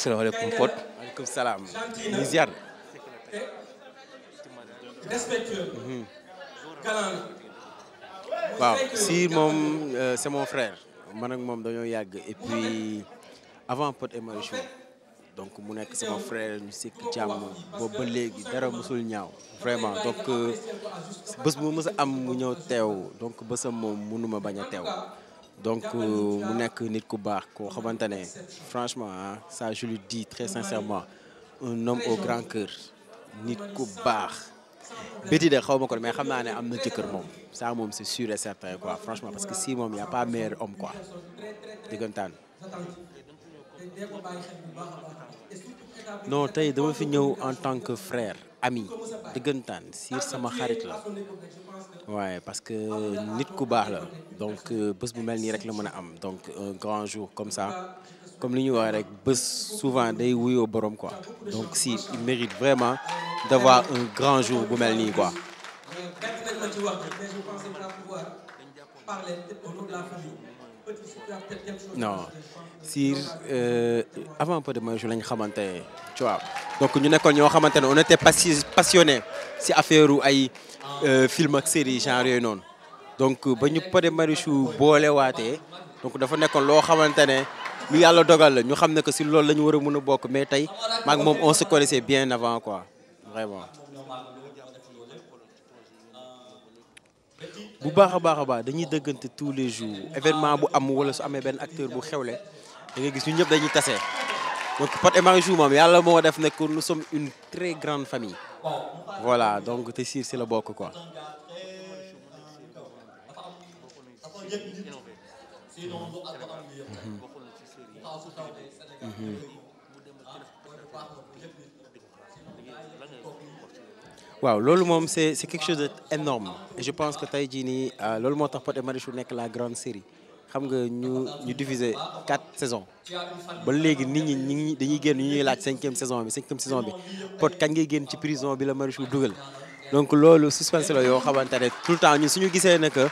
salaamaaleykum Pod. maaleykum si moom euh, c'est mon frère. man moom dañoo yàgg et puis avant Pod et Marichou donc mu nekk sama frère ñu sikk jàmm boobu ba léegi dara musul ñaaw vraiment donc euh, bés bu ma am mu ñëw teew donc bésam moom mënuma bañ a teew. donc euh, mu nekk nit ku baax koo xamante ne franchement ah ça je le dis très sincèrement un homme au grand cœur nit ku baax béti de xaw ma ko mais xam naa ne am na jëkkër moom ça moom c'est sûr et certain quoi franchement parce que si moom y a pas meilleur homme quoi diggantaan non tey dama fi ñëw en tant que frère ami dëggantaan siir sama xarit la waaye parce que nit ku baax la donc euh, bés bu mel nii rek la mën a am donc un grand jour comme ça comme li ñuy wax rek bës souvent day wuyoo borom quoi donc si il mérite vraiment d'avoir un grand jour bu mel nii quoi. Euh, non si euh, avant Pod et Marichou lañ xamante tu vois donc ñu nekkoon ñoo xamante ne on était passionné si affaire ay euh, film ak série genre yooyu noonu donc ba ñu Pod et Marichou boolewaatee donc dafa nekkoon loo xamante ne lu yàlla dogal la ñu xam ne que si loolu la ñu war a mën a bokk mais tey maak moom on se connaissait bien avant quoi vraiment bu baax a baax a baax dañuy dëggante tous les jours événement bu am wala su amee benn acteur bu xewle da ngay gis ñun ñëpp dañuy tase donc Pod et Marichou moom yàlla moo def nekk nous sommes une très grande famille. voilà donc te siir si la bokk quoi. Mm-hmm. Mm-hmm. waaw loolu moom c'est c'est quelque chose d'énorme et je pense que tey jii nii euh, loolu moo tax pot et Marichou nekk la grande série xam nga ñu ñu diviser quatre saisons ba léegi nit ñi ñi dañuy génn ñu ñuy laaj cinquième saison bi cinquième saison bi Pod kañ ngay génn ci prison bi la Marichou dugal donc loolu suspense la yoo xamante ne tout le temps ñun suñu gisee ne que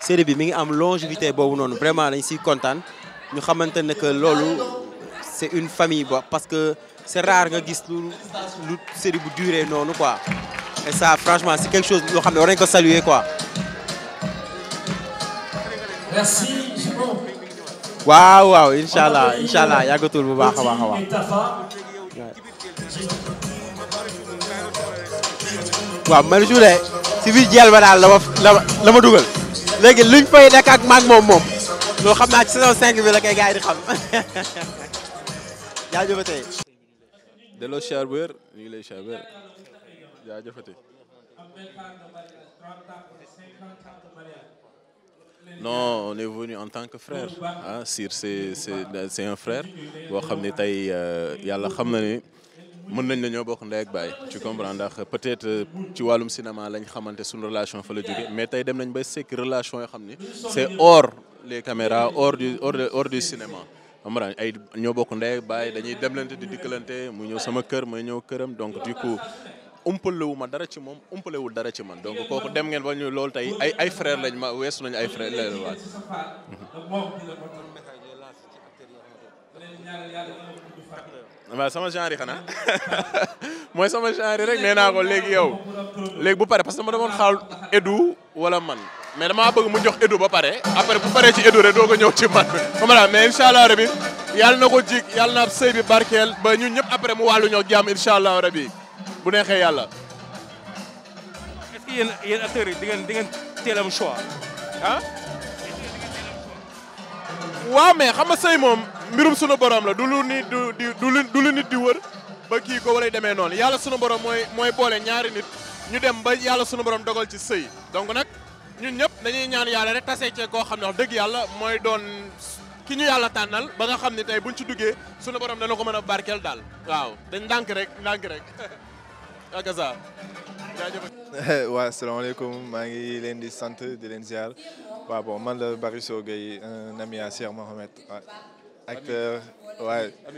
série bi mi ngi am longévité boobu noonu vraiment dañ si kontaan ñu xamante ne que loolu c'est une famille bo parce que c'est rare nga gis lu lu série bu duré noonu quoi et ça franchement c'est quelque chose loo xam ne war nañu ko saluer quoi. merci. waaw waaw incha allah incha allah yàggatul bu baax a baax a baax. waaw man suulee si biir jël ba daal la ma la ma dugal. léegi luñ fay nekk ak maag moom moom loo xam naa ci saison 5 bi la koy gars yi di xam jaajëf ba tey. delloo cher bu wér ñu ngi lay cher bu wér. jaajëfati non on est venu en tant que frère ah Sir c'est c'est c'est un frère boo xam ne tey euh, yàlla xam na ni mën nañ la ñoo bokk ndey ak baay tu comprends ndax peut-être euh, ci wàllum cinéma lañ xamante suñu relation fa la jóge mais tey dem nañ ba sekk relation yoo xam ni c'est hors les caméras hors du hors hors du cinéma amran ñoo bokk ndey baay dañuy demlante di dikkalante mu ñëw sama kër mooy ñëw këram donc du coup umpalewu ma dara ci moom umpalewul dara ci man donc kooku dem ngeen ba ñu loolu tey ay ay frère lañ ma weesu nañu ay frère lañ waat. waaw sama genre yi xanaa mooy sama genre rek nee naa ko léegi yow léegi bu pare parce que ma demoon xaal Edu wala man mais damaa bëgg mu jox Edu ba pare après bu pare ci Edu rek doo ñëw ci man xam nga mais incha allah rabi yàlla na ko jig yàlla na sëy bi barkeel ba ñun ñëpp après mu wàllu ñoo jàmm incha allah rabi. bu neexee yàlla. est-ce que yéen yéen yi di ngeen di ngeen teel am choix ah. waaw mais xam nga sëy moom mbirum sunu borom la du lu nit du du du lu di wër ba kii ko walay demee noonu yàlla sunu borom mooy mooy boole ñaari nit ñu dem ba yàlla sunu borom dogal ci sëy donc nag ñun ñëpp dañuy ñaan yàlla rek tase cee koo xam ne dëgg yàlla mooy doon ki ñu yàlla tànnal ba nga xam ne tey buñ ci duggee sunu borom dana ko mën a barkeel daal waaw dañ ndànk rek ndànk rek ak Gaza jaajëf. waaw asalaamaaleykum maa ngi leen di sant di leen ziar waaw bon la Bari Sow Gueye un ami à Cheikh ami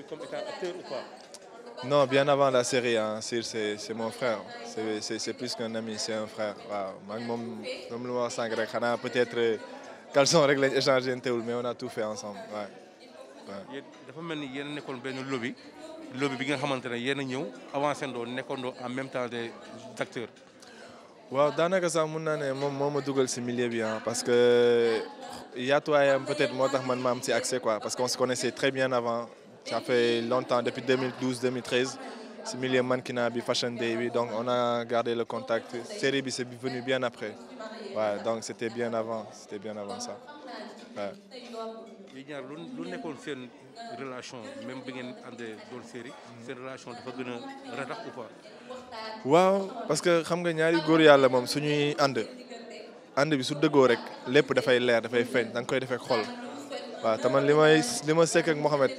comme étant acteur ou pas. non bien avant la série ah Sir c'est c'est mon frère c'est c'est c'est plus qu'un ami c'est un frère waaw maa ngi moom moom lu ma wax sànq rek xanaa peut-être euh, caleçon rek lañ échangé teewul mais on a tout fait ensemble waay. waaw dafa mel ni yéen a lobby bi nga xamante ne yéen a ñëw avancé ndoo nekkandoo en même temps des acteurs. waaw daanaka sax mun naa ne moom moo ma dugal si milieu bi ah parce que yaatuwaayam peut-être moo tax man ma am si accès quoi parce qu'on se connaissait très bien avant ça fait longtemps depuis 2012 2013 si milieu mannequinat bi fashion day bi donc on a gardé le contact série bi c'est venu bien après waaw donc c'était bien avant c'était bien avant ça. waaw yéen ñaar lu lu seen relation même bi ngeen àndee doon série seen relation dafa gën a ratax ou pas. waaw parce que xam nga ñaari góor yàlla moom suñuy ànd ànd bi su dëggoo rek lépp dafay leer dafay feeñ da nga koy defee xol waaw te man li may li ma sekk ak Mouhamed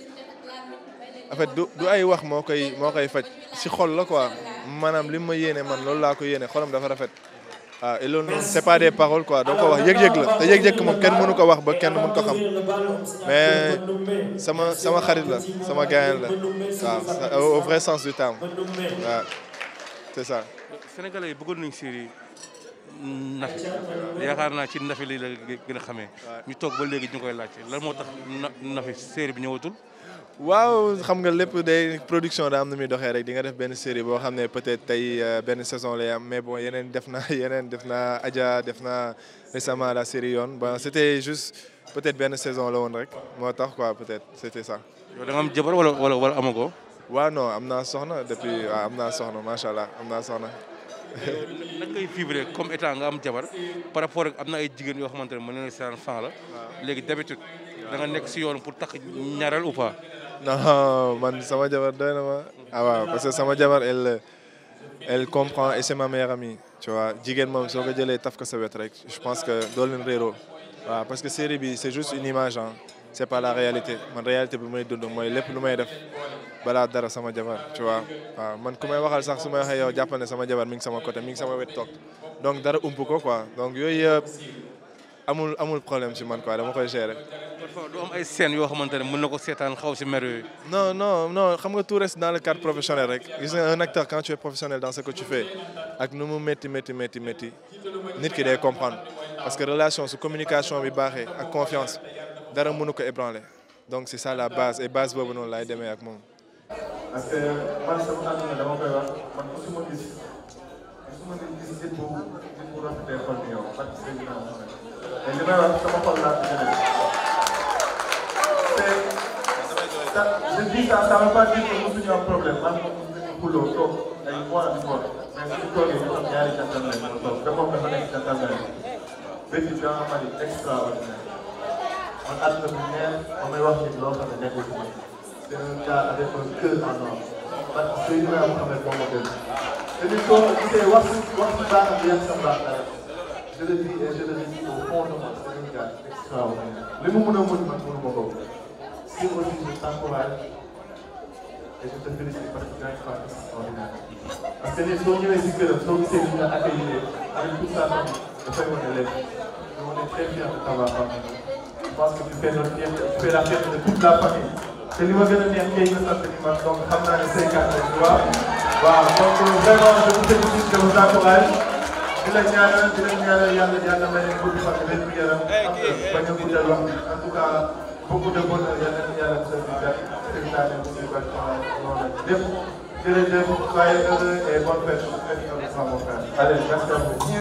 en fait du du ay wax moo koy moo koy faj si xol la ko maanaam li ma yéene man loolu laa ko yéene xolam dafa rafet. waaw ah, et loolu noonu c'est pas des paroles quoi doo ko wax yëg-yëg la te yëg-yëg moom kenn mënu ko wax ba kenn mën ko xam mais sama sama xarit la sama gaayan la waaw au vrai sens du terme waaw c'est ça. Sénégalais yi bëggoon nañu série Nafi yaakaar naa ci Nafi lii la gën a xamee. ñu toog ba léegi ñu koy laajte lan moo tax Nafi série bi ñëwatul. waaw xam nga lépp day production daa am na muy doxee rek di nga def benn série boo xam ne peut-être tey euh, benn saison lay am mais bon yeneen def na yeneen def na Adja def na récemment la série yoon bon c'était juste peut-être benn saison la woon rek moo tax quoi peut-être c'était ça. yow da am jabar wala wala wala amagoo. waaw non am naa soxna depuis waaw am naa soxna macha allah am naa soxna. naka ngay fibré comme état nga am jabar par rapport ak am na ay jigéen yoo xamante ne mën nañu seen fan la. da nga nekk si yoon pour takk ñaareel ou pas. non sama jabar doy na ma. ah parce que sama jabar elle elle comprend et c'est ma meilleure amie. tu jigéen moom soo ko jëlee taf ko sa wet rek je pense que doo leen réeroo. waaw parce que bi c'est juste une image ah c'est pas la réalité ma réalité bi may dund mooy lépp lu may def balaa dara sama jabar tu vois man ku may waxal sax su may waxee yow sama jabar mi ngi sama côté mi ngi sama wet toog donc dara ump ko quoi donc yooyu yëpp. amul amul problème si man quoi dama koy gérer. parfois du ay scènes yoo xamante ne mën na ko seetaan xaw si mer yooyu. non non non xam nga tout reste dans le cadre professionnel rek gis nga un acteur quand tu es professionnel dans ce que tu fais ak nu mu métti métti métti métti nit ki day comprendre parce que relation su communication bi baaxee ak confiance dara mënu ko ébranler donc c'est ça la base et base boobu noonu laay demee ak moom. mais li may wax sama xol laa ko jëlee te ça je dis ça ça veut pas dire que mosuñu am problème man moom ñu xuloo toog ay mois di xool mais suñu toogee ñu am ñaari jantal lañ ko toog te moom dafa nekk jantal lañ bëgg bi nga xam ne extraordinaire man at la bu neex ma may wax nit loo xam ne nekkul ci man c'est un cas avec un cœur en or man Seydina Mouhamed moom ma gën te nit koo gisee wax wax baax ak yem sa baax je le dis et je le dis au fond de moi c'est un gars extraordinaire li mu mën a mën man mënu ma ko si aussi je t'encourage et je te félicite parce que dinañ fàtte extraordinaire parce que nit soo ñëwee si këram soo gisee ñu la accueillir avec tout ça dafay wane lépp nous on est très fiers de t'avoir parmi nous je pense que tu fais notre fierté tu fais la fierté de toute la famille te li ma gën a neex kay nga sant ni man donc xam naa ne 53 waaw donc vraiment je vous félicite je vous encourage di la ñaanal di la ñaanal yàlla yàlla may leen gudd fan wér gu yaram eh, eh, bañ a guddal wax en tout cas beaucoup de bonheur yàlla na yàlla sa biir teg naa leen suñu bàcc noonu lépp jërëjëf soyez heureux et bonne fête avec mon frère allez merci à vous